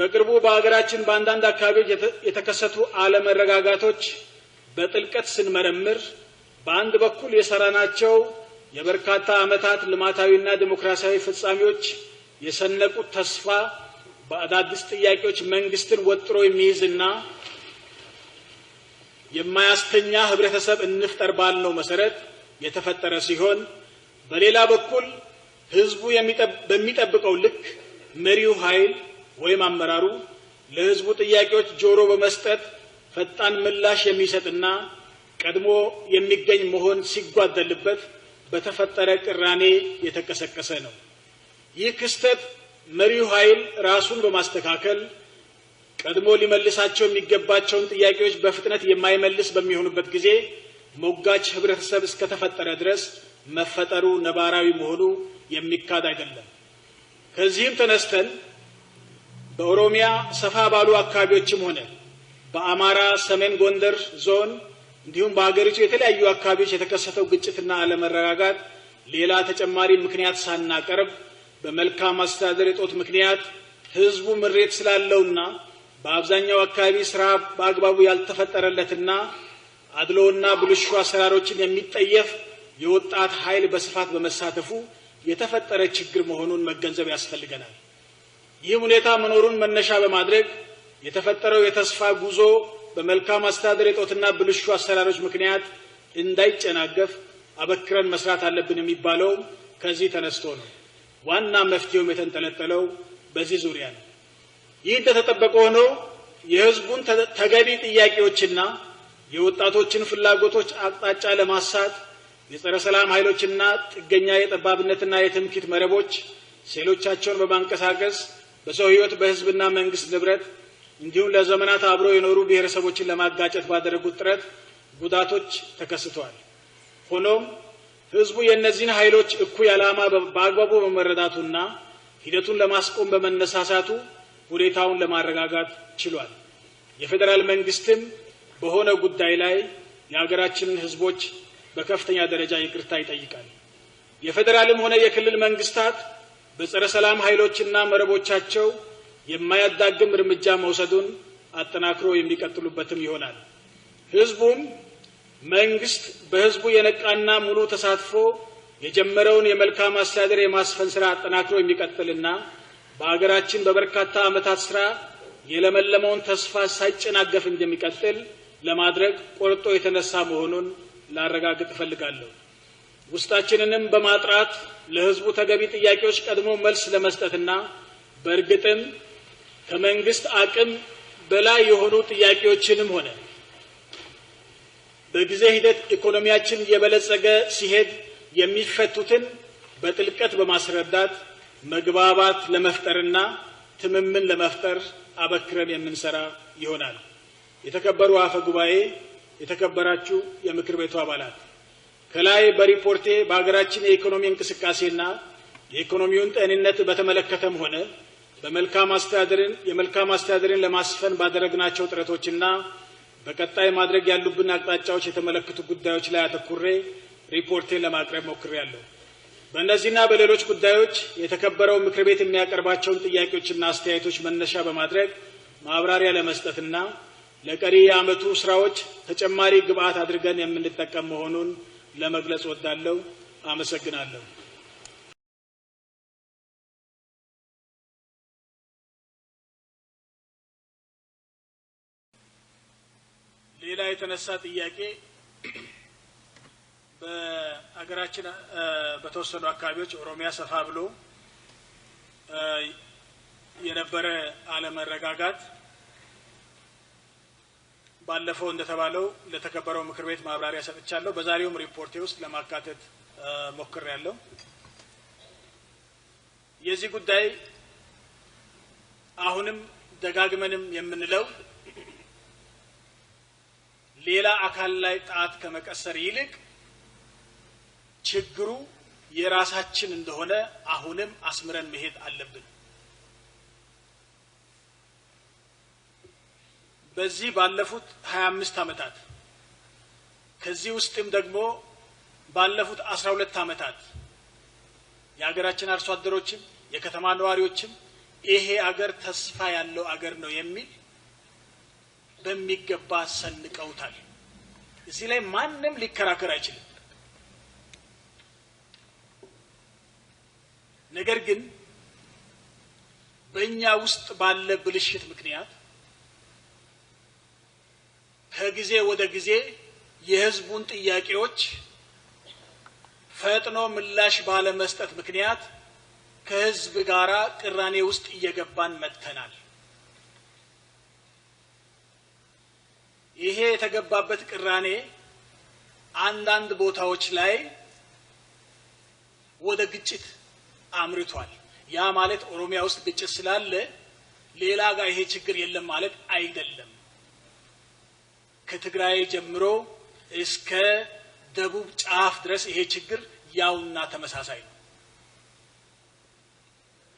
በቅርቡ በሀገራችን በአንዳንድ አካባቢዎች የተከሰቱ አለመረጋጋቶች በጥልቀት ስንመረምር በአንድ በኩል የሰራናቸው የበርካታ ዓመታት ልማታዊና ዲሞክራሲያዊ ፍጻሜዎች የሰነቁት ተስፋ በአዳዲስ ጥያቄዎች መንግስትን ወጥሮ የሚይዝና የማያስተኛ ህብረተሰብ እንፍጠር ባለው መሰረት የተፈጠረ ሲሆን በሌላ በኩል ህዝቡ በሚጠብቀው ልክ መሪው ኃይል ወይም አመራሩ ለህዝቡ ጥያቄዎች ጆሮ በመስጠት ፈጣን ምላሽ የሚሰጥና ቀድሞ የሚገኝ መሆን ሲጓደልበት በተፈጠረ ቅራኔ የተቀሰቀሰ ነው። ይህ ክስተት መሪው ኃይል ራሱን በማስተካከል ቀድሞ ሊመልሳቸው የሚገባቸውን ጥያቄዎች በፍጥነት የማይመልስ በሚሆኑበት ጊዜ ሞጋች ህብረተሰብ እስከተፈጠረ ድረስ መፈጠሩ ነባራዊ መሆኑ የሚካድ አይደለም። ከዚህም ተነስተን በኦሮሚያ ሰፋ ባሉ አካባቢዎችም ሆነ በአማራ ሰሜን ጎንደር ዞን እንዲሁም በሀገሪቱ የተለያዩ አካባቢዎች የተከሰተው ግጭትና አለመረጋጋት ሌላ ተጨማሪ ምክንያት ሳናቀርብ በመልካም አስተዳደር የጦት ምክንያት ህዝቡ ምሬት ስላለውና በአብዛኛው አካባቢ ስራ በአግባቡ ያልተፈጠረለትና አድሎና ብልሹ አሰራሮችን የሚጠየፍ የወጣት ኃይል በስፋት በመሳተፉ የተፈጠረ ችግር መሆኑን መገንዘብ ያስፈልገናል። ይህ ሁኔታ መኖሩን መነሻ በማድረግ የተፈጠረው የተስፋ ጉዞ በመልካም አስተዳደር እጦትና ብልሹ አሰራሮች ምክንያት እንዳይጨናገፍ አበክረን መስራት አለብን የሚባለው ከዚህ ተነስቶ ነው። ዋና መፍትሄውም የተንጠለጠለው በዚህ ዙሪያ ነው። ይህ እንደተጠበቀ ሆኖ የሕዝቡን ተገቢ ጥያቄዎችና የወጣቶችን ፍላጎቶች አቅጣጫ ለማሳት የጸረ ሰላም ኃይሎችና ጥገኛ የጠባብነትና የትምክህት መረቦች ሴሎቻቸውን በማንቀሳቀስ በሰው ህይወት፣ በህዝብና መንግስት ንብረት እንዲሁም ለዘመናት አብረው የኖሩ ብሔረሰቦችን ለማጋጨት ባደረጉት ጥረት ጉዳቶች ተከስተዋል። ሆኖም ህዝቡ የእነዚህን ኃይሎች እኩይ ዓላማ በአግባቡ በመረዳቱና ሂደቱን ለማስቆም በመነሳሳቱ ሁኔታውን ለማረጋጋት ችሏል። የፌዴራል መንግስትም በሆነ ጉዳይ ላይ የሀገራችንን ህዝቦች በከፍተኛ ደረጃ ይቅርታ ይጠይቃል። የፌዴራልም ሆነ የክልል መንግስታት በጸረ ሰላም ኃይሎችና መረቦቻቸው የማያዳግም እርምጃ መውሰዱን አጠናክሮ የሚቀጥሉበትም ይሆናል። ህዝቡም መንግስት በህዝቡ የነቃና ሙሉ ተሳትፎ የጀመረውን የመልካም አስተዳደር የማስፈን ስራ አጠናክሮ የሚቀጥልና በሀገራችን በበርካታ ዓመታት ስራ የለመለመውን ተስፋ ሳይጨናገፍ እንደሚቀጥል ለማድረግ ቆርጦ የተነሳ መሆኑን ላረጋግጥ እፈልጋለሁ። ውስጣችንንም በማጥራት ለህዝቡ ተገቢ ጥያቄዎች ቀድሞ መልስ ለመስጠትና በእርግጥም ከመንግስት አቅም በላይ የሆኑ ጥያቄዎችንም ሆነ በጊዜ ሂደት ኢኮኖሚያችን የበለጸገ ሲሄድ የሚፈቱትን በጥልቀት በማስረዳት መግባባት ለመፍጠርና ትምምን ለመፍጠር አበክረን የምንሰራ ይሆናል። የተከበሩ አፈ ጉባኤ፣ የተከበራችሁ የምክር ቤቱ አባላት ከላይ በሪፖርቴ በሀገራችን የኢኮኖሚ እንቅስቃሴና የኢኮኖሚውን ጤንነት በተመለከተም ሆነ በመልካም አስተዳደርን የመልካም አስተዳደርን ለማስፈን ባደረግናቸው ጥረቶችና በቀጣይ ማድረግ ያሉብን አቅጣጫዎች የተመለከቱ ጉዳዮች ላይ አተኩሬ ሪፖርቴን ለማቅረብ ሞክሬያለሁ። በእነዚህና በሌሎች ጉዳዮች የተከበረው ምክር ቤት የሚያቀርባቸውን ጥያቄዎችና አስተያየቶች መነሻ በማድረግ ማብራሪያ ለመስጠትና ለቀሪ የዓመቱ ስራዎች ተጨማሪ ግብዓት አድርገን የምንጠቀም መሆኑን ለመግለጽ ወዳለው አመሰግናለሁ። ሌላ የተነሳ ጥያቄ በሀገራችን በተወሰኑ አካባቢዎች ኦሮሚያ ሰፋ ብሎ የነበረ አለመረጋጋት ባለፈው እንደተባለው ለተከበረው ምክር ቤት ማብራሪያ ሰጥቻለሁ። በዛሬውም ሪፖርቴ ውስጥ ለማካተት ሞክሬያለሁ። የዚህ ጉዳይ አሁንም ደጋግመንም የምንለው ሌላ አካል ላይ ጣት ከመቀሰር ይልቅ ችግሩ የራሳችን እንደሆነ አሁንም አስምረን መሄድ አለብን። በዚህ ባለፉት 25 ዓመታት ከዚህ ውስጥም ደግሞ ባለፉት 12 ዓመታት የሀገራችን አርሶ አደሮችም የከተማ ነዋሪዎችም ይሄ አገር ተስፋ ያለው አገር ነው የሚል በሚገባ ሰንቀውታል። እዚህ ላይ ማንም ሊከራከር አይችልም። ነገር ግን በእኛ ውስጥ ባለ ብልሽት ምክንያት ከጊዜ ወደ ጊዜ የህዝቡን ጥያቄዎች ፈጥኖ ምላሽ ባለመስጠት ምክንያት ከህዝብ ጋር ቅራኔ ውስጥ እየገባን መጥተናል። ይሄ የተገባበት ቅራኔ አንዳንድ ቦታዎች ላይ ወደ ግጭት አምርቷል። ያ ማለት ኦሮሚያ ውስጥ ግጭት ስላለ ሌላ ጋር ይሄ ችግር የለም ማለት አይደለም። ከትግራይ ጀምሮ እስከ ደቡብ ጫፍ ድረስ ይሄ ችግር ያውና ተመሳሳይ ነው።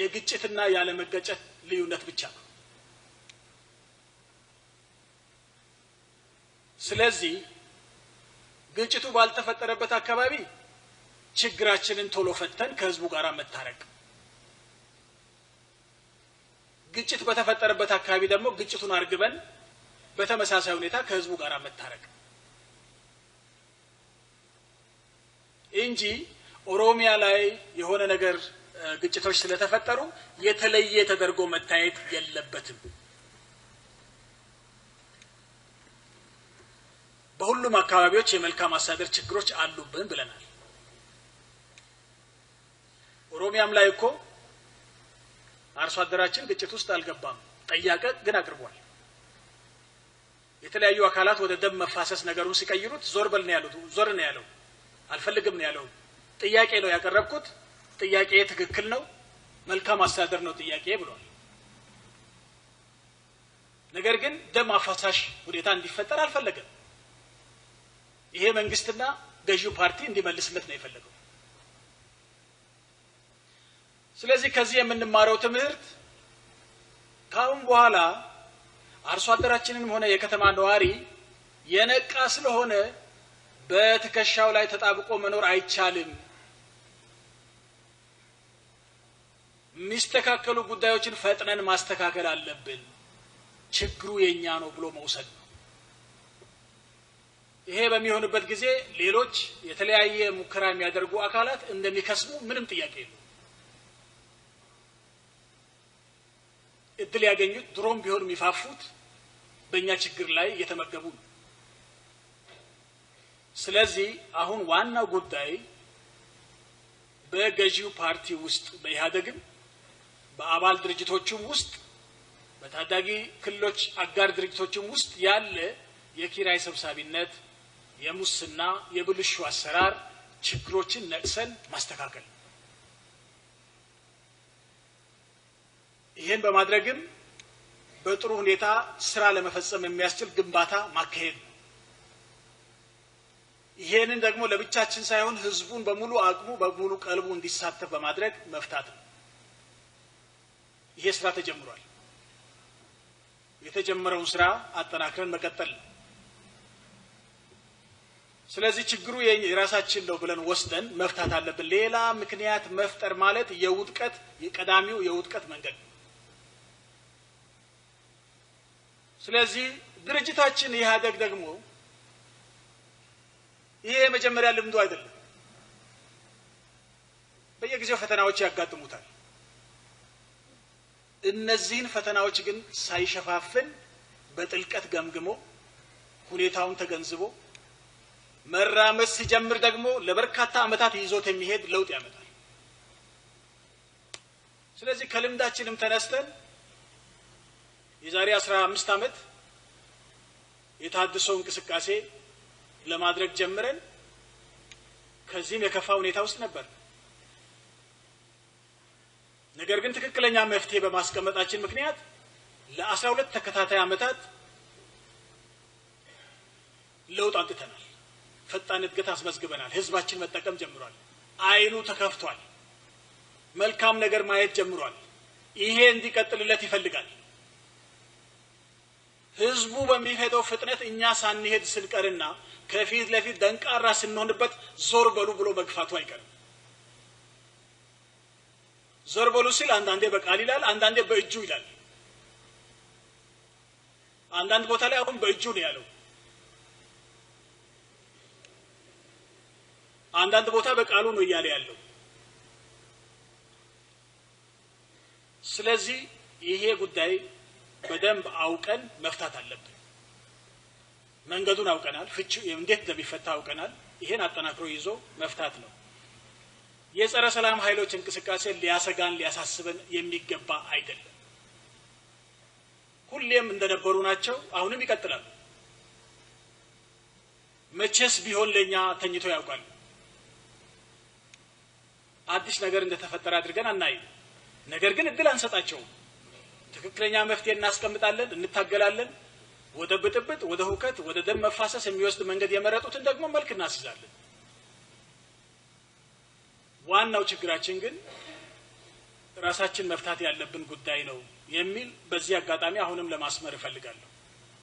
የግጭትና ያለመገጨት ልዩነት ብቻ ነው። ስለዚህ ግጭቱ ባልተፈጠረበት አካባቢ ችግራችንን ቶሎ ፈተን ከህዝቡ ጋር መታረቅ፣ ግጭት በተፈጠረበት አካባቢ ደግሞ ግጭቱን አርግበን በተመሳሳይ ሁኔታ ከህዝቡ ጋር መታረቅ እንጂ ኦሮሚያ ላይ የሆነ ነገር ግጭቶች ስለተፈጠሩ የተለየ ተደርጎ መታየት የለበትም። በሁሉም አካባቢዎች የመልካም አስተዳደር ችግሮች አሉብን ብለናል። ኦሮሚያም ላይ እኮ አርሶ አደራችን ግጭት ውስጥ አልገባም፣ ጥያቄ ግን አቅርቧል። የተለያዩ አካላት ወደ ደም መፋሰስ ነገሩን ሲቀይሩት ዞር በል ነው ያሉት። ዞር ነው ያለው፣ አልፈልግም ነው ያለው። ጥያቄ ነው ያቀረብኩት፣ ጥያቄ ትክክል ነው፣ መልካም አስተዳደር ነው ጥያቄ ብሏል። ነገር ግን ደም አፋሳሽ ሁኔታ እንዲፈጠር አልፈለገም። ይሄ መንግስትና ገዢው ፓርቲ እንዲመልስለት ነው የፈለገው። ስለዚህ ከዚህ የምንማረው ትምህርት ከአሁን በኋላ አርሶ አደራችንም ሆነ የከተማ ነዋሪ የነቃ ስለሆነ በትከሻው ላይ ተጣብቆ መኖር አይቻልም። የሚስተካከሉ ጉዳዮችን ፈጥነን ማስተካከል አለብን፣ ችግሩ የእኛ ነው ብሎ መውሰድ ነው። ይሄ በሚሆንበት ጊዜ ሌሎች የተለያየ ሙከራ የሚያደርጉ አካላት እንደሚከስሙ ምንም ጥያቄ የለው። እድል ያገኙት ድሮም ቢሆን የሚፋፉት በእኛ ችግር ላይ እየተመገቡ ነው። ስለዚህ አሁን ዋናው ጉዳይ በገዢው ፓርቲ ውስጥ በኢህአደግም በአባል ድርጅቶችም ውስጥ በታዳጊ ክልሎች አጋር ድርጅቶችም ውስጥ ያለ የኪራይ ሰብሳቢነት፣ የሙስና፣ የብልሹ አሰራር ችግሮችን ነቅሰን ማስተካከል ይህን በማድረግም በጥሩ ሁኔታ ስራ ለመፈጸም የሚያስችል ግንባታ ማካሄድ ነው። ይሄንን ደግሞ ለብቻችን ሳይሆን ህዝቡን በሙሉ አቅሙ በሙሉ ቀልቡ እንዲሳተፍ በማድረግ መፍታት ነው። ይሄ ስራ ተጀምሯል። የተጀመረውን ስራ አጠናክረን መቀጠል ነው። ስለዚህ ችግሩ የራሳችን ነው ብለን ወስደን መፍታት አለብን። ሌላ ምክንያት መፍጠር ማለት የውጥቀት የቀዳሚው የውጥቀት መንገድ ነው። ስለዚህ ድርጅታችን ኢህአደግ ደግሞ ይሄ የመጀመሪያ ልምዱ አይደለም። በየጊዜው ፈተናዎች ያጋጥሙታል። እነዚህን ፈተናዎች ግን ሳይሸፋፍን በጥልቀት ገምግሞ ሁኔታውን ተገንዝቦ መራመድ ሲጀምር ደግሞ ለበርካታ ዓመታት ይዞት የሚሄድ ለውጥ ያመጣል። ስለዚህ ከልምዳችንም ተነስተን የዛሬ 15 ዓመት የታድሰው እንቅስቃሴ ለማድረግ ጀምረን ከዚህም የከፋ ሁኔታ ውስጥ ነበር። ነገር ግን ትክክለኛ መፍትሄ በማስቀመጣችን ምክንያት ለአስራ ሁለት ተከታታይ ዓመታት ለውጥ አምጥተናል። ፈጣን እድገት አስመዝግበናል። ህዝባችን መጠቀም ጀምሯል። አይኑ ተከፍቷል። መልካም ነገር ማየት ጀምሯል። ይሄ እንዲቀጥልለት ይፈልጋል። ህዝቡ በሚሄደው ፍጥነት እኛ ሳንሄድ ስንቀርና ከፊት ለፊት ደንቃራ ስንሆንበት ዞር በሉ ብሎ መግፋቱ አይቀርም። ዞር በሉ ሲል አንዳንዴ በቃል ይላል፣ አንዳንዴ በእጁ ይላል። አንዳንድ ቦታ ላይ አሁን በእጁ ነው ያለው። አንዳንድ ቦታ በቃሉ ነው እያለ ያለው። ስለዚህ ይሄ ጉዳይ በደንብ አውቀን መፍታት አለብን። መንገዱን አውቀናል፣ ፍቺ እንዴት እንደሚፈታ አውቀናል። ይሄን አጠናክሮ ይዞ መፍታት ነው። የጸረ ሰላም ኃይሎች እንቅስቃሴ ሊያሰጋን ሊያሳስበን የሚገባ አይደለም። ሁሌም እንደነበሩ ናቸው። አሁንም ይቀጥላሉ። መቼስ ቢሆን ለእኛ ተኝቶ ያውቃል። አዲስ ነገር እንደተፈጠረ አድርገን አናይም። ነገር ግን እድል አንሰጣቸውም። ትክክለኛ መፍትሄ እናስቀምጣለን፣ እንታገላለን። ወደ ብጥብጥ፣ ወደ ሁከት፣ ወደ ደም መፋሰስ የሚወስድ መንገድ የመረጡትን ደግሞ መልክ እናስይዛለን። ዋናው ችግራችን ግን ራሳችን መፍታት ያለብን ጉዳይ ነው የሚል በዚህ አጋጣሚ አሁንም ለማስመር እፈልጋለሁ።